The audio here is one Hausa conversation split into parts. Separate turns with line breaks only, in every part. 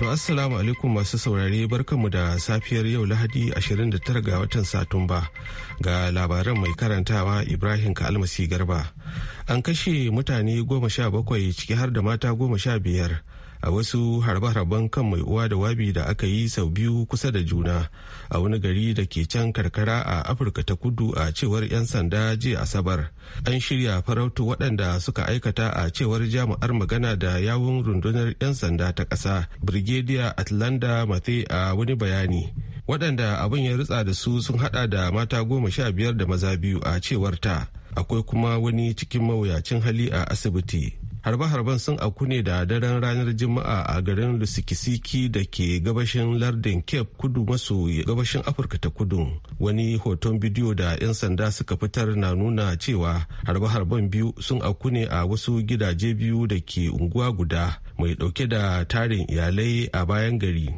To assalamu alaikum masu saurare barkanmu da safiyar yau lahadi 29 ga watan satumba ga labaran mai karantawa Ibrahim Kalmasi Garba. An kashe mutane goma sha bakwai ciki har da mata goma sha biyar a wasu harbe-harben kan mai uwa da wabi da aka yi sau biyu kusa da juna a wani gari da ke can karkara a afirka ta kudu a cewar 'yan sanda jiya asabar an shirya farautu waɗanda suka aikata a cewar jami'ar magana da yawun rundunar 'yan sanda ta ƙasa brigadier atlanta mate a wani bayani waɗanda abin ya rutsa da su sun haɗa da mata goma sha biyar da maza biyu a cewar ta akwai kuma wani cikin mawuyacin hali a asibiti harbe-harben sun auku ne da daren ranar juma'a a garin lusikisiki da ke gabashin lardin cape kudu maso gabashin afirka ta kudu wani hoton bidiyo da 'yan sanda suka fitar na nuna cewa harbe-harben biyu sun auku ne a wasu gidaje biyu da ke unguwa guda mai dauke da tarin iyalai a bayan gari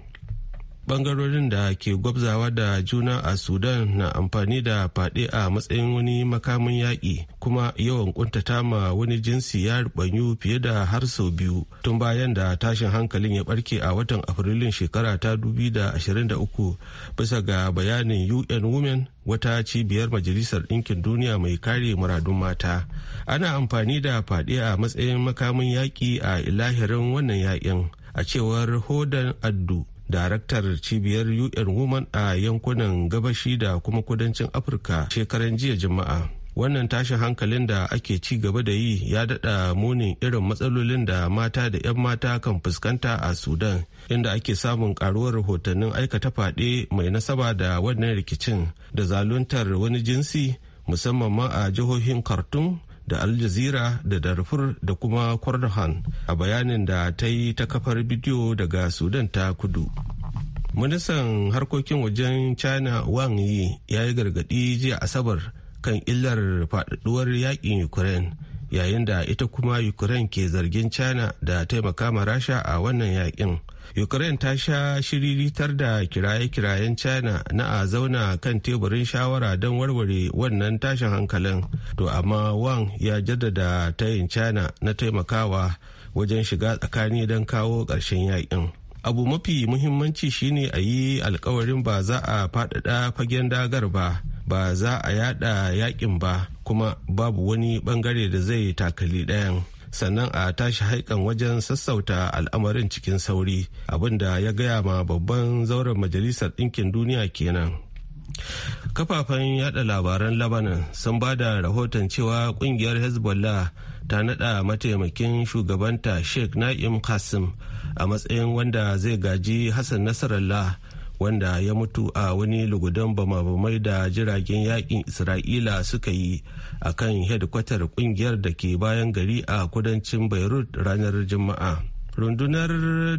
bangarorin da ke gwabzawa da juna a sudan na amfani da fade a matsayin wani makamin yaƙi kuma yawan kuntata ma wani jinsi ya rubanyu fiye da har sau biyu tun bayan da tashin hankalin ya barke a watan afrilun shekara ta 2023 bisa ga bayanin un women wata cibiyar majalisar ɗinkin duniya mai kare muradun mata ana amfani da fade a matsayin makamin yaƙi a ilahirin wannan yaƙin a cewar hodan addu daraktar cibiyar un women a yankunan gabashi da kuma kudancin afirka shekaran jiya juma'a wannan tashin hankalin da ake ci gaba da yi ya dada munin irin matsalolin da mata da 'yan mata kan fuskanta a sudan inda ake samun karuwar rahotannin aikata fade mai nasaba da wannan rikicin da zaluntar wani jinsi musamman ma a jihohin khartoum da al da darfur da kuma kordohan a bayanin da ta yi ta kafar bidiyo daga sudan ta kudu ministan harkokin wajen china wang yi ya yi gargadi jiya asabar kan illar faɗaɗuwar yakin ukraine yayin da ita kuma ukraine ke zargin china da taimaka ma rasha a wannan yakin ukraine ta sha shiriritar da kiraye-kirayen china na a zauna kan teburin shawara don warware wannan tashin hankalin to amma wang ya jaddada tayin china na taimakawa wajen shiga tsakani don kawo ƙarshen yakin abu mafi muhimmanci shine a yi alkawarin ba za a faɗaɗa fagen dagar ba ba za a yada yakin ba kuma babu wani bangare da zai takali ɗayan sannan a tashi haikan wajen sassauta al'amarin cikin sauri abinda ya gaya ma babban zauren majalisar ɗinkin duniya kenan kafafen yada labaran labanan sun ba da rahoton cewa kungiyar hezbollah ta nada mataimakin shugabanta sheikh na'im qasim a matsayin wanda zai gaji hassan nasarallah wanda ya mutu a wani lugudan bama-bamai da jiragen yakin isra'ila suka yi a kan hedkwatar kungiyar da ke bayan gari a kudancin beirut ranar juma'a rundunar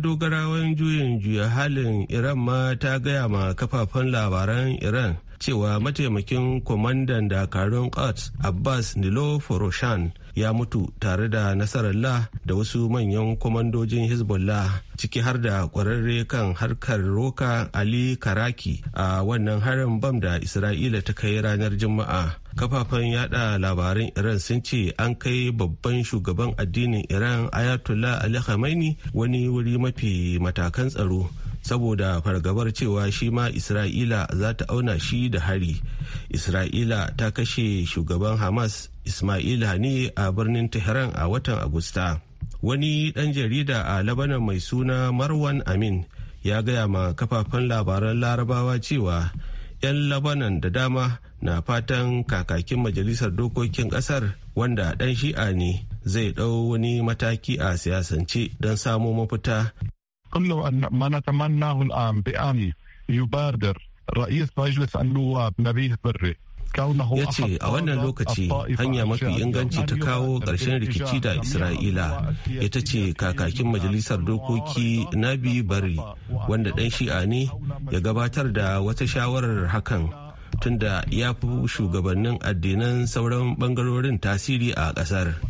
dogarawan juyin juya halin iran ma ta gaya ma kafafen labaran iran cewa mataimakin kwamandan dakarun kats Abbas Nilo Foroshan ya mutu tare da Nasarallah da wasu manyan kwamandojin Hezbollah ciki har da kwararre kan harkar roka Ali Karaki a wannan harin bam da Isra'ila ta kai ranar Juma'a. kafafen yada labaran iran sun ce an kai babban shugaban addinin iran ayatollah ali khamenei wani wuri mafi matakan tsaro saboda fargabar cewa shi ma isra'ila za ta auna shi da hari isra'ila ta kashe shugaban hamas ismail hani a birnin tehran a watan agusta wani ɗan jarida a labanan mai suna marwan amin ya gaya ma kafafen labaran larabawa cewa 'yan labanan da dama na fatan kakakin majalisar dokokin ƙasar wanda ɗan shi'a ne zai ɗau wani mataki a siyasance don samo mafita
قل له ما نتمناه الآن بأن يبادر رئيس مجلس النواب نبيه بري ya ce a wannan lokaci hanya mafi inganci ta kawo ƙarshen rikici da isra'ila
ita ce kakakin majalisar dokoki nabi bari wanda ɗan shi'a ne ya gabatar da wata shawarar hakan tunda ya fi shugabannin addinan sauran ɓangarorin tasiri a ƙasar.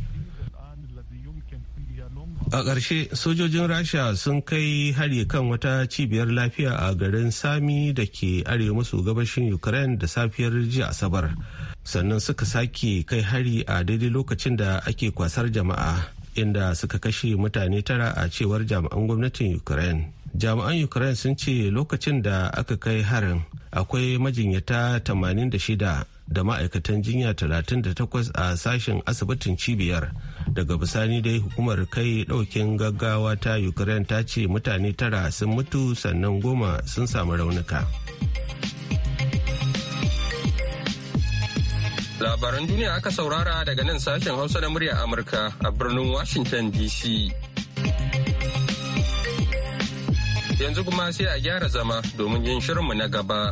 a ƙarshe sojojin rasha sun kai hari kan wata cibiyar lafiya a garin sami da ke arewa maso gabashin ukraine da safiyar jiya asabar sannan suka sake kai hari a daidai lokacin da ake kwasar jama'a inda suka kashe mutane tara a cewar jami'an gwamnatin ukraine jami'an ukraine sun ce lokacin da aka kai harin akwai majinyata 86 da ma'aikatan jinya 38 a sashen asibitin cibiyar daga bisani dai hukumar kai daukin gaggawa ta ukraine ta ce mutane tara sun mutu sannan goma sun samu raunuka
labaran duniya aka saurara daga
nan sashen hausa
na murya amurka a birnin washington dc yanzu kuma sai a gyara zama domin yin shirinmu na gaba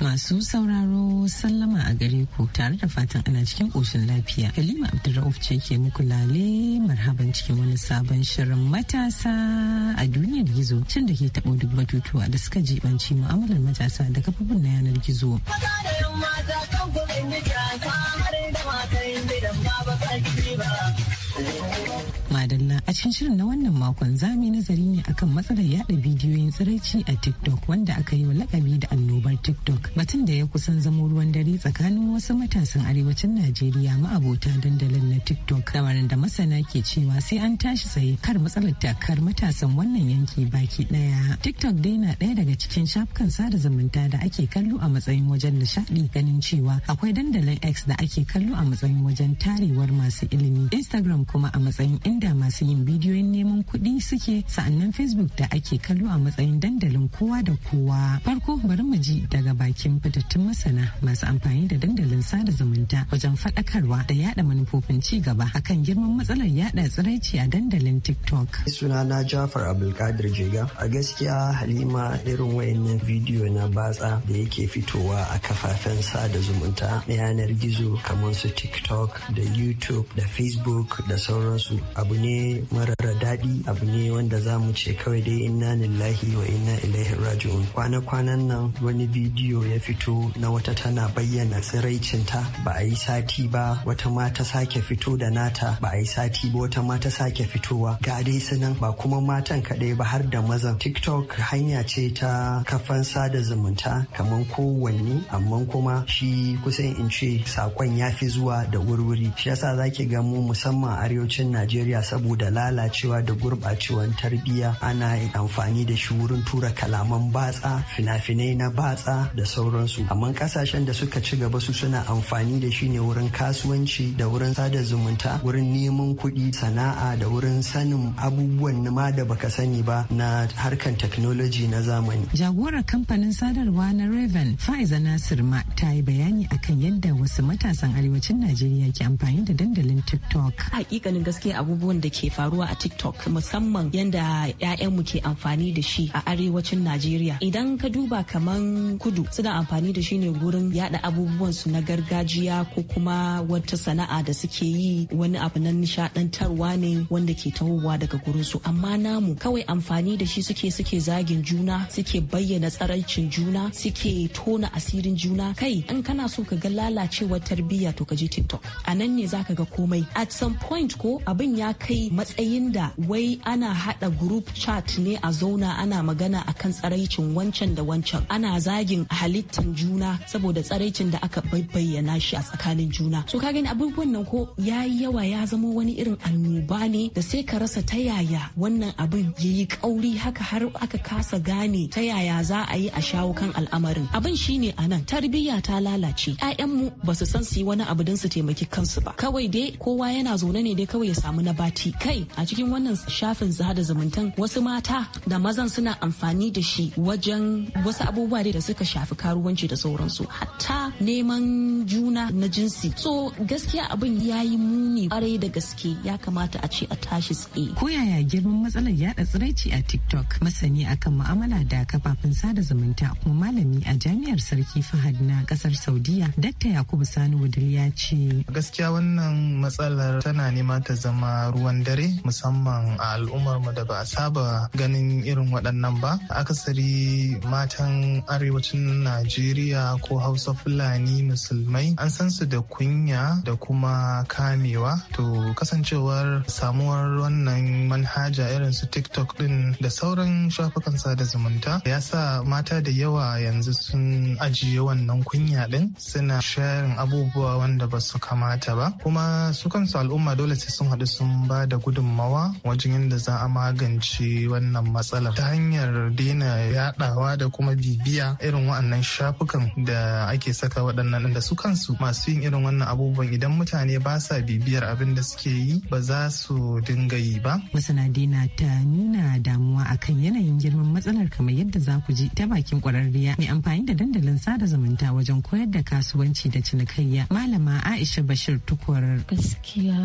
Masu sauraro sallama a gare ku tare da fatan ana cikin ƙoshin lafiya. Halima Abdulrauf ce ke muku lale marhaban cikin wani sabon shirin matasa a duniyar gizo can da ke taɓo duk batutuwa da suka jibanci mu'amalar matasa da kafofin na yanar gizo.
Maza da mata kan da
cikin shirin na wannan makon zami nazari ne akan matsalar yada bidiyoyin tsiraici a TikTok wanda aka yi wa lakabi da annobar TikTok. Batun da ya kusan zamo ruwan dare tsakanin wasu matasan arewacin Najeriya ma'abota dandalin na TikTok. Lamarin da masana ke cewa sai an tashi tsaye kar matsalar takar matasan wannan yanki baki daya. TikTok dai na daya daga cikin shafukan sada zumunta da ake kallo a matsayin wajen nishaɗi ganin cewa akwai dandalin X da ake kallo a matsayin wajen tarewar masu ilimi. Instagram kuma a matsayin inda masu yin bidiyoyin neman kuɗi suke sa'annan facebook da ake kallo a matsayin dandalin kowa da kowa farko bari mu ji daga bakin fitattun masana masu amfani da dandalin sada zumunta wajen faɗakarwa da yada manufofin ci gaba akan girman matsalar yada tsiraici a dandalin tiktok
sunana jafar abdulkadir jega a gaskiya halima irin wayannan bidiyo na batsa da yake fitowa a kafafen sada zumunta na yanar gizo kamar su tiktok da youtube da facebook da sauransu abu ne marar daɗi abu ne wanda za mu ce kawai dai inna lillahi wa inna ilaihi raji'un kwana-kwanan nan wani bidiyo ya fito na wata tana bayyana tsiraicinta ba a yi sati ba wata ma ta sake fito da nata ba a yi sati ba wata ma ta sake fitowa ga dai sunan ba kuma matan kaɗai ba har da mazan tiktok hanya ce ta kafan sada zumunta kamar kowanne amma kuma shi kusan in ce sakon ya fi zuwa da wurwuri shi yasa zaki ga mu musamman arewacin najeriya saboda lalacewa da gurbacewan tarbiyya ana amfani da shi wurin tura kalaman batsa fina-finai na batsa da sauransu amma kasashen da suka ci gaba su suna amfani da shi ne wurin kasuwanci da wurin sada zumunta wurin neman kuɗi sana'a da wurin sanin abubuwan ma da baka sani ba na harkan technology na zamani
jagorar kamfanin sadarwa na raven faiza nasir ma ta yi bayani akan yadda wasu matasan arewacin najeriya ke amfani da dandalin tiktok
hakikanin gaskiya abubuwan da ke faru faruwa a TikTok musamman yanda mu ke amfani da shi a arewacin Najeriya. Idan ka duba kaman kudu suna amfani da shi ne gurin yada abubuwan su na gargajiya ko kuma wata sana'a da suke yi wani abu na nishadantarwa ne wanda ke tahowa daga gurin su amma namu kawai amfani da shi suke suke zagin juna suke bayyana tsaraicin juna suke tona asirin juna kai in kana so ka ga lalacewar tarbiyya to ka je TikTok a nan ne zaka ga komai at some point ko abin ya kai matsayi matsayin da wai ana hada group chat ne a zauna ana magana akan tsaraicin wancan da wancan ana zagin halittan juna saboda tsaraicin da aka bayyana shi a tsakanin juna so ka gani abubuwan nan ko ya yi yawa ya zama wani irin annoba ne da sai ka rasa ta yaya wannan abin yayi kauri haka har aka kasa gane ta yaya za a yi a shawo kan al'amarin abin shine nan tarbiyya ta lalace mu ba su san su yi wani abu don su taimaki kansu ba kawai dai kowa yana zaune ne dai kawai ya samu na bati kai a cikin wannan shafin sada zumuntan wasu mata da mazan suna amfani da shi wajen wasu abubuwa da suka shafi karuwanci da sauransu hatta neman juna na jinsi so gaskiya abin
ya yi muni kwarai da gaske ya kamata a ce a tashi tsaye ko yaya girman matsalar yaɗa tsiraici a tiktok masani akan mu'amala da kafafen sada zumunta kuma malami a jami'ar
sarki fahad na kasar saudiya dakta yakubu sani wudil ya ce gaskiya wannan matsalar tana nema ta zama ruwan dare musamman a al'ummar mu da ba a saba ganin irin waɗannan ba akasari matan arewacin najeriya ko hausa fulani musulmai an san su da kunya da kuma kamewa to kasancewar samuwar wannan manhaja irin su tiktok din da sauran shafukan sada zumunta ya sa mata da yawa yanzu sun ajiye wannan kunya din suna sharing abubuwa wanda ba su kamata ba kuma su kansu al'umma dole sai sun haɗu sun ba da gudunmawa gudunmawa wajen yadda za a magance wannan matsalar ta hanyar daina yadawa da kuma bibiya irin waɗannan shafukan da ake saka waɗannan da su kansu masu yin irin wannan abubuwan idan mutane ba sa bibiyar abin da suke yi ba za su dinga yi ba.
Masana daina ta nuna damuwa akan yanayin girman matsalar kamar yadda za ku ji ta bakin kwararriya mai amfani da dandalin sada zumunta wajen koyar da kasuwanci da cinikayya malama Aisha Bashir Tukwar.
Gaskiya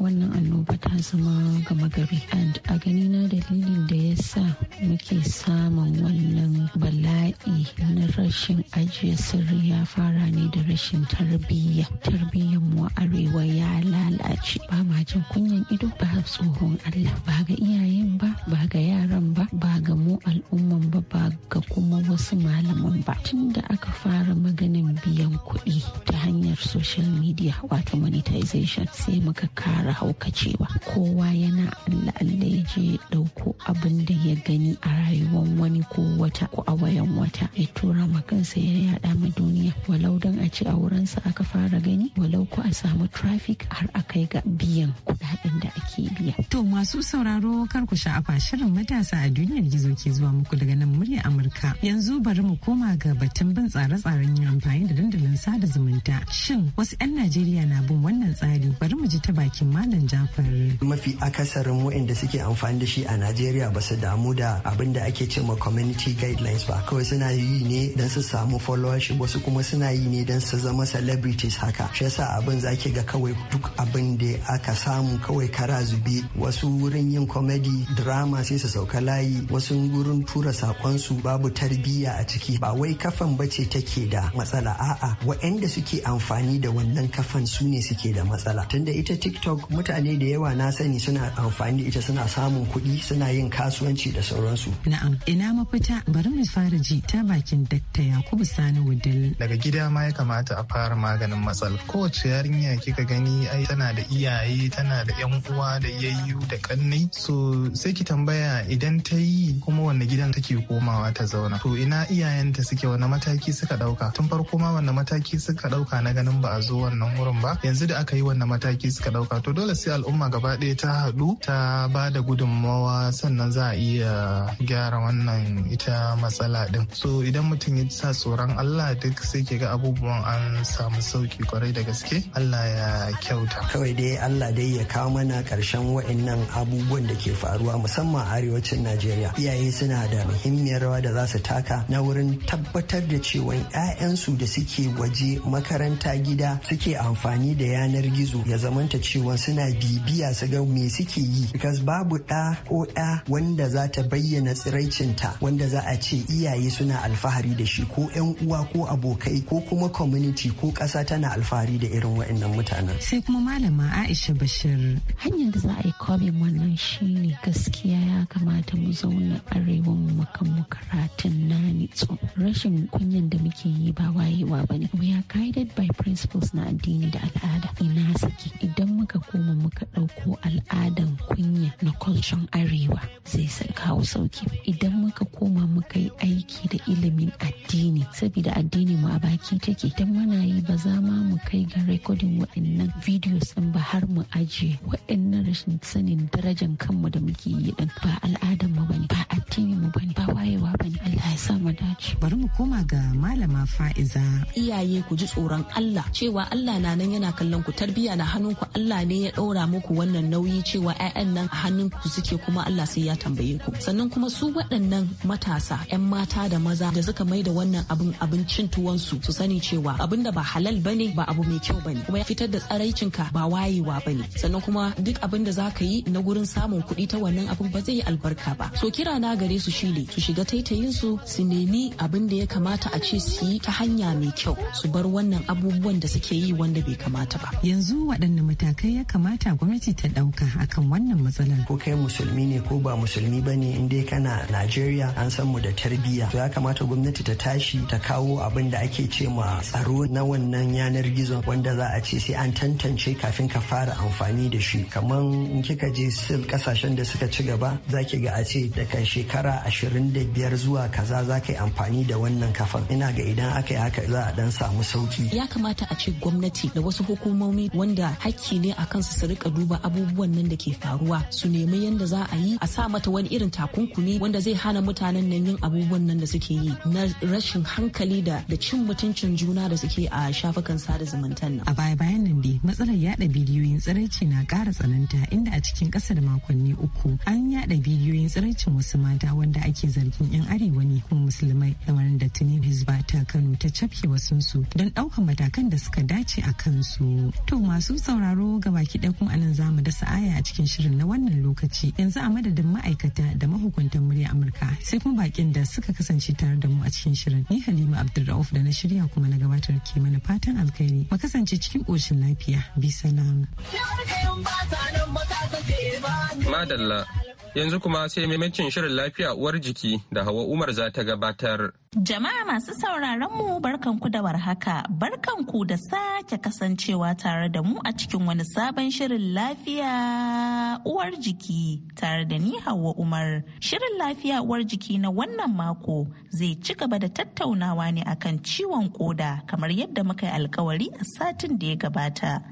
wannan annoba ta zama gama gari and a gani na dalilin da ya sa muke samun wannan bala'i na rashin ajiye sirri ya fara ne da rashin tarbiyya tarbiyyar mu arewa ya lalace ba ma jin kunyan ido ba tsohon allah ba ga iyayen ba ba ga yaran ba ba ga mu al'umman ba ba ga kuma wasu malaman ba tun da aka fara maganin biyan kuɗi ta hanyar social media wato monetization sai muka kara haukacewa kowa yana allah allah ya je ɗauko abin da ya gani a rayuwar wani ko wata ko a wayan wata ya tura ma kansa ya yaɗa ma duniya walau don a ce a wurinsa aka fara gani walau ko a samu traffic
har a kai ga biyan kuɗaɗen da ake biya. To masu sauraro kar ku sha'afa shirin matasa a duniyar gizo ke zuwa muku daga nan murya Amurka. Yanzu bari mu koma ga batun bin tsare-tsaren yin amfani da dandalin sada zumunta. Shin wasu 'yan Najeriya na bin wannan tsari bari mu ji ta bakin Malam Jafar.
Mafi akasarin waɗanda suke amfani da shi a Najeriya ba su damu da abin da ake ce community guidelines ba kawai suna yi ne don su samu followership wasu kuma suna yi ne don su zama celebrities haka shi yasa abin zaki ga kawai duk abin da aka samu kawai kara zube wasu wurin yin comedy drama sai su sauka layi wasu wurin tura sakon su babu tarbiyya a ciki ba wai kafan bace take da matsala a'a waɗanda suke amfani da wannan kafan su ne suke da matsala tunda ita TikTok mutane da yawa na sani suna amfani da ita suna samun kuɗi suna yin
kasuwanci da sauransu.
Na'am ina mafita bari mu fara ji ta bakin Dakta Yakubu Sani
Wudil. Daga gida ma ya kamata a fara maganin matsala. Kowace yarinya kika gani ai tana da iyaye tana da yan uwa da yayyu da kannai. So sai ki tambaya idan ta yi kuma wanne gidan take komawa ta zauna. To ina iyayenta suke wani mataki suka ɗauka. Tun farko ma wanne mataki suka ɗauka na ganin ba a zo wannan wurin ba. Yanzu da aka yi wanne mataki suka ɗauka. To dole sai al'umma gaba ɗaya ta ta haɗu ta ba da gudunmawa sannan za a iya gyara wannan ita matsala ɗin so idan mutum ya sa tsoron allah duk sai ke ga abubuwan an samu sauki kwarai da gaske allah ya kyauta
kawai dai allah dai ya kawo mana ƙarshen wa'annan abubuwan da ke faruwa musamman arewacin najeriya iyaye suna da muhimmiyar rawa da za su taka na wurin tabbatar da cewa 'ya'yansu da suke waje makaranta gida suke amfani da yanar gizo ya zamanta cewa suna bibiya su ga me ne suke yi because babu ɗa ko ɗa wanda za ta bayyana tsiraicinta wanda za a ce iyaye suna alfahari da shi ko 'yan uwa ko abokai ko kuma community ko ƙasa tana alfahari da irin waɗannan mutanen.
Sai kuma malama Aisha Bashir. Hanyar da za a yi kwamin wannan shine gaskiya ya kamata
mu zauna arewa mu makan karatun na nitso. Rashin kunyan da muke yi ba wayewa ba ne. We are guided by principles na addini da al'ada. Ina suke idan muka koma muka ɗauko al'ada al'adan kunya na kulshan arewa zai sun kawo sauki idan muka koma muka yi aiki da ilimin addini saboda addini mu a baki take idan muna yi ba za ma mu kai ga rekodin waɗannan videos ɗin ba har mu ajiye waɗannan rashin sanin darajan kanmu da muke yi ɗin ba al'adan
mu bane ba addini mu bane ba wayewa bane Allah ya sa mu dace bari mu koma ga malama fa'iza
iyaye ku ji tsoron Allah cewa Allah na nan yana kallon ku tarbiyya na hannun ku Allah ne ya ɗora muku wannan nauyi cewa 'ya'yan nan a hannun ku suke kuma Allah sai ya tambaye ku sannan kuma su waɗannan matasa 'yan mata da maza da suka mai da wannan abin abincin tuwansu su sani cewa abin da ba halal bane ba abu mai kyau bane kuma ya fitar da tsaraicinka ba wayewa bane sannan kuma duk abin da za ka yi na gurin samun kuɗi ta wannan abin ba zai yi albarka ba so kira na gare su shine su shiga taitayin su su nemi abin da ya kamata a ce su yi ta
hanya mai kyau su bar wannan abubuwan da suke yi wanda bai kamata ba yanzu waɗanne matakai ya kamata gwamnati ta ɗauka akan wannan matsalar.
Ko kai musulmi ne ko ba musulmi ba ne in dai kana Najeriya an san mu da tarbiyya. To ya kamata gwamnati ta tashi ta kawo abin da ake ce ma tsaro na wannan yanar gizon wanda za a ce sai an tantance kafin ka fara amfani da shi. kaman in kika je sil kasashen da suka ci gaba za ki ga a ce daga shekara ashirin da biyar zuwa kaza za ka yi amfani da wannan kafan. Ina ga idan aka yi haka za a dan samu sauki.
Ya kamata a ce gwamnati da wasu hukumomi wanda hakki ne a su su rika duba abubuwan nan yanayin da ke faruwa su nemi yadda za a yi a sa mata wani irin takunkumi wanda zai hana mutanen nan yin abubuwan nan da suke yi na rashin hankali da da cin mutuncin juna da suke a shafukan sada zumuntan nan. A
baya bayan nan dai matsalar yada bidiyoyin tsiraici na ƙara tsananta inda a cikin ƙasa da makonni uku an yada bidiyoyin tsiraicin wasu mata wanda ake zargin 'yan arewa ne kuma musulmai kamar da tuni hizba ta Kano ta cafke wasunsu don ɗaukan matakan da suka dace a kansu. To masu sauraro gaba ki ɗaya kuma anan zamu dasa aya a cikin shirin na wannan lokaci yanzu a madadin ma'aikata da mahukuntan murya amurka sai kuma bakin da suka kasance tare da mu a cikin shirin ni halima abdulrauf da na shirya kuma na gabatar ke mana fatan alkhairi mu kasance cikin koshin lafiya bi salam madalla
Yanzu kuma sai maimacin shirin lafiya uwar jiki da Hawa Umar za ta gabatar.
Jama'a masu sauraron mu barkanku da warhaka, ku da sake kasancewa tare da mu a cikin wani sabon shirin lafiya uwar jiki tare da ni Hawa Umar. Shirin lafiya uwar jiki na wannan mako zai ci gaba da tattaunawa ne akan ciwon koda kamar yadda muka yi alkawari a satin da ya gabata.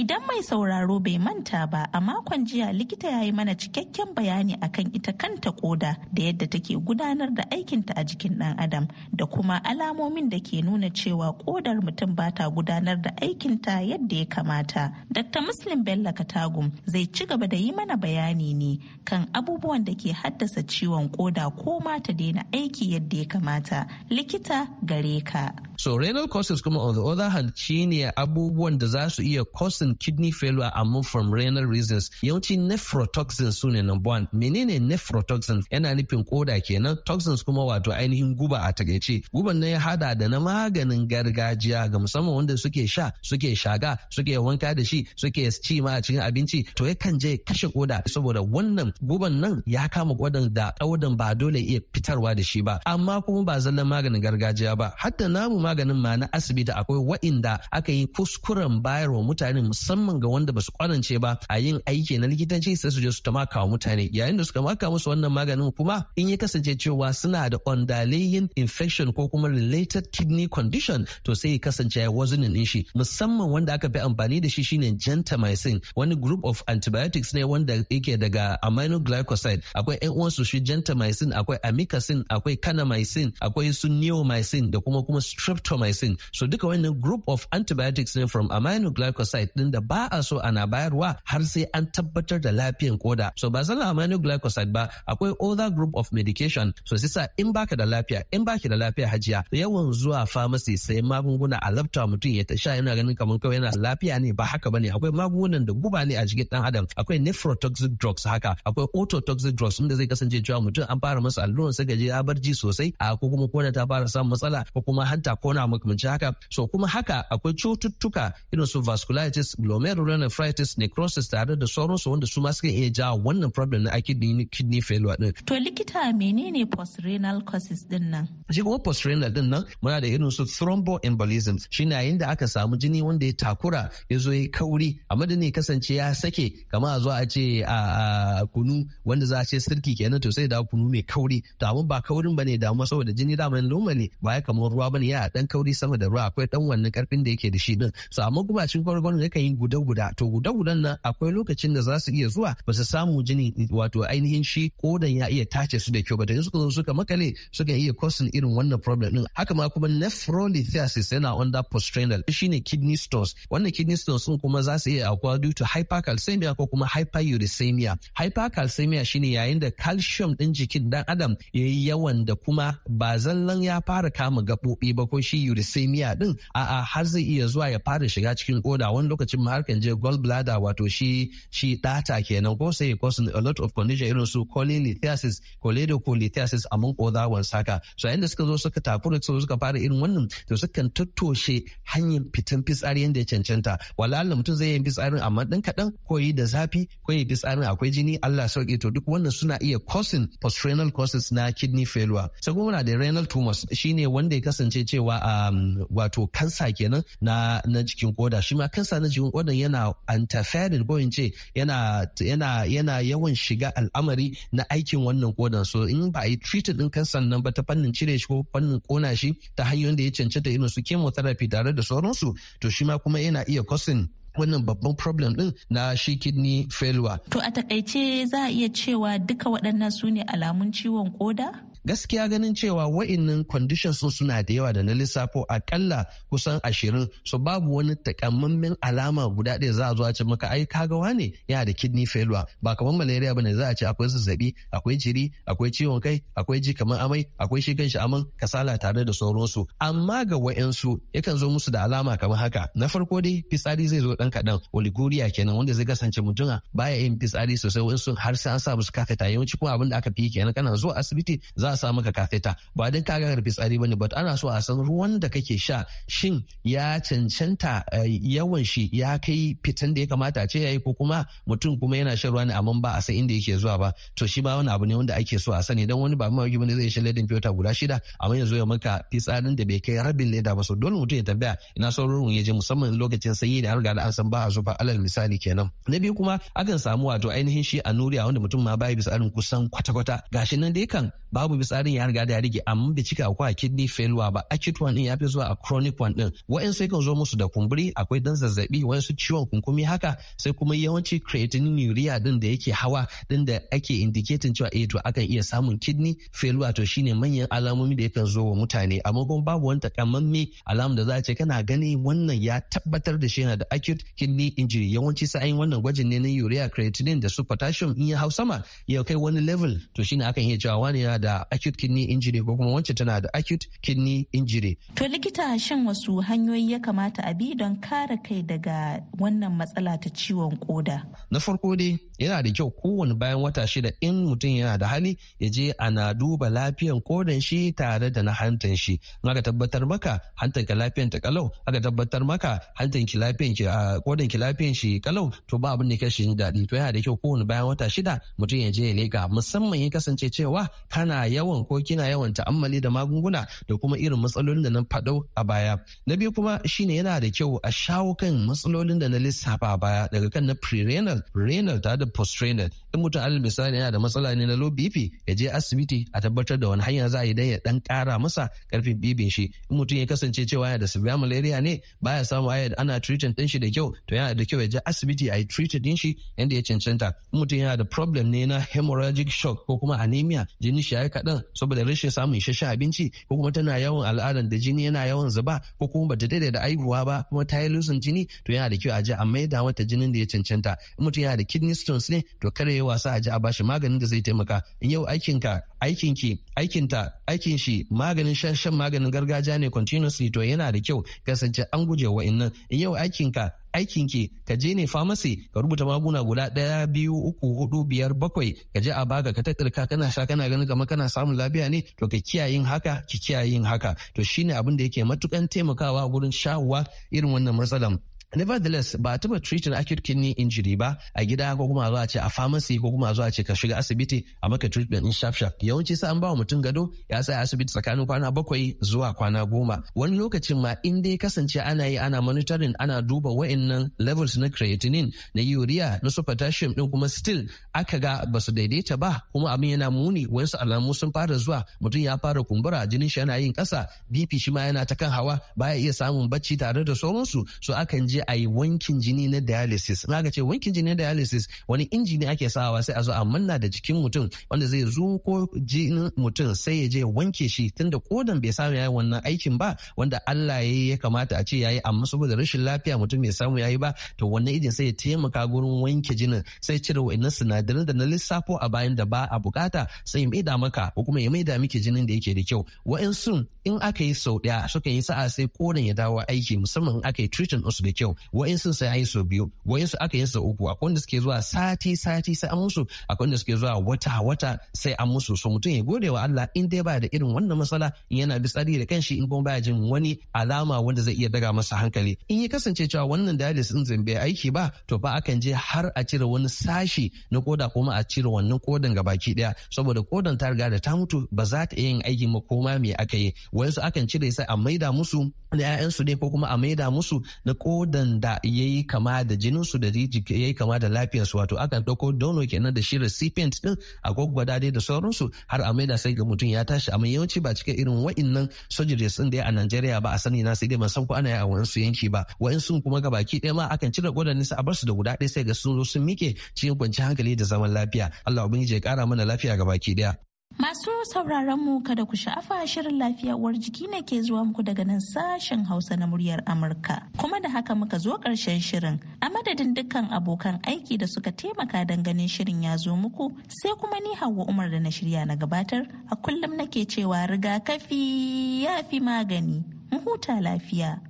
Idan mai sauraro bai manta ba a makon jiya likita ya yi mana cikakken bayani akan ita kanta koda da yadda take gudanar da aikinta a jikin ɗan adam da kuma alamomin da ke nuna cewa kodar mutum ba ta gudanar da aikinta yadda ya kamata. Dr. Muslim Bello Katagum zai ci gaba da yi mana bayani ne kan abubuwan da ke haddasa ciwon koda ko ma ta daina aiki yadda ya kamata. Likita gare ka.
So renal causes kuma on the other hand shine abubuwan da za su iya causes causing kidney failure among from renal reasons yawanci nephrotoxin su ne number one menene nephrotoxin yana nufin koda kenan toxins kuma wato ainihin guba a takaice guban nan ya hada da na maganin gargajiya ga musamman wanda suke sha suke shaga suke wanka da shi suke ci ma a cikin abinci to yakan je kashe koda saboda wannan guban nan ya kama kodan da kodan ba dole iya fitarwa da shi ba amma kuma ba zallan maganin gargajiya ba hatta namu maganin ma na asibiti akwai wa'inda aka yi kuskuren bayarwa mutanen musamman ga wanda ba su kwanance ba a yin aiki na likitanci sai su je su tamaka wa mutane yayin da suka maka musu wannan maganin kuma in ya kasance cewa suna da ondalayin infection ko kuma related kidney condition to sai ya kasance ya wazinin din shi musamman wanda aka fi amfani da shi shine gentamicin wani group of antibiotics ne wanda yake daga aminoglycoside akwai yan uwansu shi gentamicin akwai amikacin akwai kanamicin akwai su neomycin da kuma kuma streptomycin so duka wannan group of antibiotics ne from aminoglycoside sinadarin da ba a so ana bayarwa har sai an tabbatar da lafiyan koda so ba zan lamani glycoside ba akwai other group of medication so sisa in baka da lafiya in baki da lafiya hajiya yawan zuwa pharmacy sai magunguna a lafta mutum ya ta sha yana ganin kamar kawai yana lafiya ne ba haka bane akwai magungunan da guba ne a jikin dan adam akwai nephrotoxic drugs haka akwai ototoxic drugs inda zai kasance cewa mutum an fara masa alluran sai gaje ya bar ji sosai a ko kuma kona ta fara samun matsala ko kuma hanta kona makamanci haka so kuma haka akwai cututtuka irin su vasculitis glomerulonephritis necrosis tare da sauransu wanda su ma suka iya ja wannan problem na kidney kidney failure din
to likita menene post renal causes din nan
shi kuma post renal din nan muna da irin su thromboembolism shine yayin da aka samu jini wanda ya takura ya zo ya kauri a madani kasance ya sake kamar a zo a ce a kunu wanda za a ce sirki kenan to sai da kunu mai kauri to amma ba kaurin bane amma saboda jini da man lumali ba ya kamar ruwa bane ya dan kauri sama da ruwa akwai dan wannan karfin da yake da shi din so amma kuma cikin ne. suka yi guda-guda to guda-gudan nan akwai lokacin da za su iya zuwa ba su samu jini wato ainihin shi kodan ya iya tace su da kyau ba da su zo suka makale suka iya causing irin wannan problem din haka ma kuma nephrolithiasis yana under postrenal shine kidney stones wannan kidney stones sun kuma za su iya akwa due to hypercalcemia ko kuma hyperuricemia hypercalcemia shine yayin da calcium din jikin dan adam yayi yawan da kuma ba zallan ya fara kama gabobi ba ko shi uricemia din a'a har zai iya zuwa ya fara shiga cikin koda wani lokaci lokacin ma harkan je gallbladder wato shi shi data kenan ko sai cause a lot of condition irin su cholelithiasis cholelithiasis among other wan saka. so yanda da suka zo suka takura su suka fara irin wannan to suka tattoshe hanyar fitan fitsari yanda ya cancanta Wala Allah mutum zai yi fitsarin amma dan kadan ko yi da zafi ko yi fitsarin akwai jini Allah sauki to duk wannan suna iya causing postrenal causes na kidney failure sai kuma da renal tumors shine wanda ya kasance cewa um, wato kansa kenan na na jikin koda shi ma kansa na jin wannan yana interfering ko in ce yana yawan shiga al'amari na aikin wannan kodan so in ba a yi treated din kan sannan ba ta fannin cire shi ko fannin kona shi ta hanyoyin da ya cancanta irin su chemotherapy tare da sauransu to shi ma kuma yana iya causing wannan babban problem din na shi kidney failure.
To a takaice za a iya cewa duka waɗannan su ne alamun ciwon koda?
gaskiya ganin cewa wa'innan conditions sun suna da yawa da na lissafo akalla kusan ashirin so babu wani takamammen alama guda ɗaya za a zo a ce maka ai kaga wane yana da kidney failure ba kamar malaria bane za a ce akwai zazzabi akwai jiri akwai ciwon kai akwai ji kamar amai akwai shi kanshi aman kasala tare da sauransu amma ga wa'insu yakan zo musu da alama kamar haka na farko dai fitsari zai zo ɗan kaɗan oliguria kenan wanda zai kasance mutuna baya yin fitsari sosai wa'insu har sai an sa musu kafeta yawanci kuma abin da aka fi kenan kana zuwa asibiti za sa maka kafeta ba don ka ga fitsari bane but ana so a san ruwan da kake sha shin ya cancanta eh, yawan shi ya kai fitan da ya kamata a ce yayi ko kuma mutum kuma yana shan ruwa ne amma ba a san inda yake zuwa ba to shi ba wani abu ne wanda ake so a sani dan wani ba yi bane zai shan ledin fiyota guda shida amma yanzu ya maka fitsarin da bai kai rabin leda ba so dole mutum ya tambaya ina son ruwan ya je musamman lokacin sanyi da an riga da an san ba a zuba alal misali kenan na biyu kuma akan samu wato ainihin shi a nuriya wanda mutum ma bai bisa kusan kwata-kwata gashi nan dai kan babu tsarin ya riga da ya rige amma bai cika akwai kidney failure ba acute one din ya fi zuwa a chronic one din wa'in sai kan zo musu da kumburi akwai dan zazzabi su ciwon kunkumi haka sai kuma yawanci creatinine urea din da yake hawa din da ake indicating cewa eh to akan iya samun kidney failure to shine manyan alamomi da yakan zo wa mutane amma kuma babu wani takamamme alamun da za a ce kana gani wannan ya tabbatar da shi yana da acute kidney injury yawanci sai an wannan gwajin ne na urea creatinine da su potassium in ya hau sama ya kai wani level to shine akan iya cewa wani yana da acute kidney injury ko kuma wacce tana da acute kidney injury.
To likita shan wasu hanyoyi ya kamata a bi don kare kai daga wannan matsala ta ciwon koda?
Na farko dai yana da kyau kowane bayan wata shida in mutum yana da hali ya je ana duba lafiyan kodan shi tare da na hantan shi. In aka tabbatar maka hantan ka lafiyan ta kalau aka tabbatar maka hantan ki lafiyan ki kodan ki lafiyan shi kalau to ba abin da kashi jin daɗi to yana da kyau kowane bayan wata shida mutum ya je ya leka musamman ya kasance cewa kana yawan yawan ko kina yawan ta'ammali da magunguna da kuma irin matsalolin da na faɗo a baya na biyu kuma shine yana da kyau a shawo kan matsalolin da na lissafa a baya daga kan na prerenal renal ta da post renal in mutum alal misali yana da matsala ne na low bp ya je asibiti a tabbatar da wani hanya za a yi dan ya dan kara masa karfin bibin shi in mutum ya kasance cewa yana da severe malaria ne baya samu da ana treating din shi da kyau to yana da kyau ya je asibiti a yi treated din shi yanda ya cancanta in mutum yana da problem ne na hemorrhagic shock ko kuma anemia jini shi ya kaɗan nan saboda rashin samun isasshen abinci ko kuma tana yawan al'adar da jini yana yawan zuba ko kuma bata daidai da aihuwa ba kuma ta yi lusin jini to yana da kyau a ji a maida mata jinin da ya cancanta in mutum yana da kidney stones ne to kare ya wasa a ji a bashi maganin da zai taimaka in yau aikinka aikinki aikinta aikin shi maganin shan maganin gargajiya ne continuously to yana da kyau kasance an guje wainnan in yau aikinka aikin ki ka je ne famasi ka rubuta maguna guda ɗaya biyu uku hudu biyar bakwai ka je a baka ka tattirka kana sha kana ganin kamar kana samun lafiya ne to ka kiyayin haka ki kiyayin haka to shine abin da yake matukan taimakawa gurin shawowa irin wannan matsalan nevertheless ba a taba treating acute kidney injury ba a gida ko kuma zuwa ce a pharmacy ko kuma zuwa ce ka shiga asibiti a maka treatment in sharp sharp yawanci sai an ba mutum gado ya sa asibiti tsakanin kwana bakwai zuwa kwana goma wani lokacin ma in dai kasance ana yi ana monitoring ana duba wa'annan levels na creatinine na urea na su potassium din kuma still aka ga ba su daidaita ba kuma abin yana muni wasu alamu sun fara zuwa mutum ya fara kumbura jinin shi yana yin kasa bp shi ma yana ta kan hawa baya iya samun bacci tare da sauransu so akan je a yi wankin jini na dialysis in aka ce wankin jini na dialysis wani inji ne ake sawa sai a zo a manna da jikin mutum wanda zai ko jinin mutum sai ya je wanke shi tunda kodan bai samu yayi wannan aikin ba wanda Allah ya ya kamata a ce yayi amma saboda rashin lafiya mutum bai samu yayi ba to wannan injin sai ya taimaka gurin wanke jinin sai cire wa'annan sinadaran da na lissafo a bayan da ba a bukata sai ya maida maka ko kuma ya maida miki jinin da yake da kyau wa'ansu in aka yi sau daya suka yi sa'a sai koren ya dawo aiki musamman in aka yi treatment su da kyau uku wa'insu sai an sau biyu wa'insu aka yi sau uku akwai wanda suke zuwa sati sati sai an musu akwai wanda suke zuwa wata wata sai an musu so mutum ya gode wa Allah in dai ba da irin wannan matsala yana bi tsari da kanshi in kuma baya jin wani alama wanda zai iya daga masa hankali in ya kasance cewa wannan dialysis din zan bai aiki ba to ba akan je har a cire wani sashi na koda kuma a cire wannan kodan gabaki daya saboda kodan ta riga da ta mutu ba za ta iya yin aiki makoma me aka yi su akan cire sai a maida musu da 'ya'yansu ne ko kuma a maida musu na koda waɗanda ya yi kama da jininsu da ya yi kama da lafiyarsu wato akan ɗauko dono kenan da shi recipient ɗin a gwaggwada dai da sauransu har a maida sai ga mutum ya tashi amma yawanci ba cike irin wa'innan surgeries ɗin da ya a Najeriya ba a sani na sai dai ban san ko ana yi a wasu yanki ba wa'insu kuma ga baki ɗaya ma akan cire gwadannin su a bar su da guda ɗaya sai ga sun zo sun mike cikin kwanci hankali da zaman lafiya Allah ubangiji ya kara mana lafiya ga baki ɗaya.
Masu sauraron mu kada ku sha'afa shirin lafiya uwar jiki ne ke zuwa muku daga nan sashen Hausa na muryar Amurka. Kuma da haka muka zo ƙarshen shirin. A madadin dukkan abokan aiki da suka taimaka don ganin shirin ya zo muku sai kuma ni Hauwa Umar da na shirya na gabatar a kullum nake cewa rigakafi ya fi magani. Mu huta lafiya.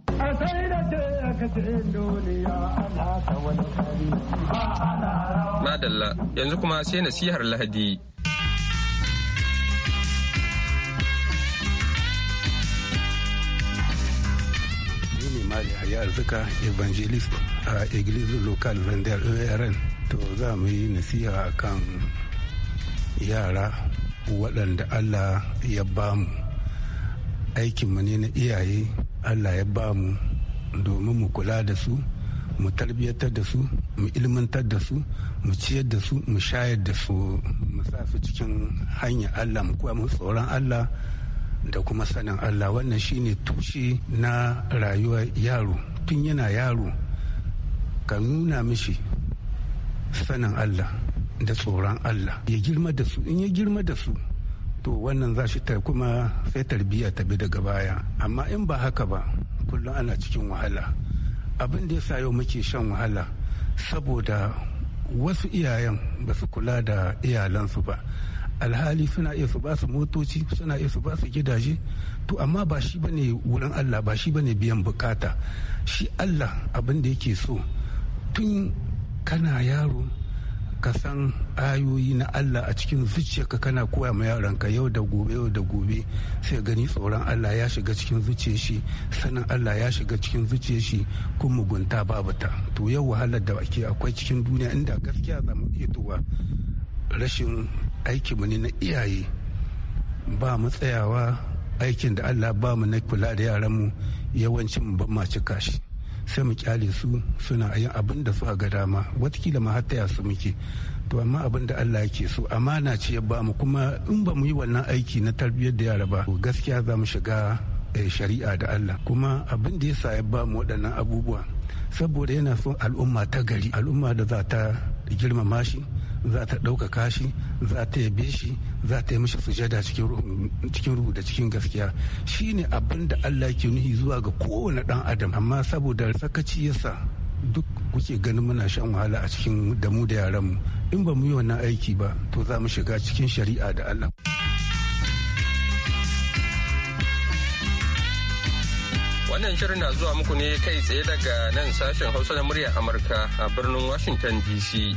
Madalla yanzu kuma sai nasihar Lahadi.
mali yi arzika evangelist a iglesia local vendor e orn to za mu yi nasiha a kan yara waɗanda allah ya bamu aikinmu ne na iyaye allah ya ba mu domin mu kula da su mu tarbiyyatar da su mu ilmantar da su mu ciyar da su mu shayar da su mu sa su cikin hanyar allah mu koya mu tsoron allah da kuma sanin Allah wannan shine tushe na rayuwar yaro tun yana yaro ka nuna mishi sanin Allah da tsoron Allah ya girma da su in ya girma da su to wannan za shi ta kuma sai tarbiyya ta bi daga baya amma in ba haka ba kullum ana cikin wahala abin da ya sa yau muke shan wahala saboda wasu iyayen ba su kula da iyalansu ba alhali suna iya su basu motoci suna iya su basu gidaje to amma ba shi ba ne wurin Allah ba shi ba ne biyan bukata shi Allah abin da yake so tun kana yaro ka san ayoyi na Allah a cikin zuciyarka kana koya ma ka yau da gobe yau da gobe sai gani tsoron Allah ya shiga cikin zuciyar shi sanin Allah ya shiga cikin zuciyar shi kun mugunta babu ta to yau wahalar da ake akwai cikin duniya inda gaskiya zamu mu iya tuwa rashin aiki mu ne na iyaye ba mu tsayawa aikin da allah ba mu na kula da yaran mu yawancin ban ma cika shi sai mu kyale su suna yin abin da su a ga dama watakila ma hatta su muke to amma abin da Allah yake so amana ce ya ba mu kuma in ba mu yi wannan aiki na tarbiyyar da yara ba gaskiya za mu shiga eh, shari'a da Allah kuma abin da yasa ya mu waɗannan abubuwa saboda yana son al'umma ta gari al'umma da za ta girmama shi za ta ɗaukaka shi za ta yabe shi za ta yi mashi sujada cikin ruhu da cikin gaskiya shi ne abin da Allah ke nuhi zuwa ga kowane ɗan adam amma saboda sakaci yasa duk kuke ganin muna shan wahala a cikin damu da yaran mu in ba mu yi wannan aiki ba to za mu shiga cikin shari'a da Allah.
Wannan shirin na zuwa muku ne kai tsaye daga nan sashen Hausa na murya Amurka a birnin Washington DC.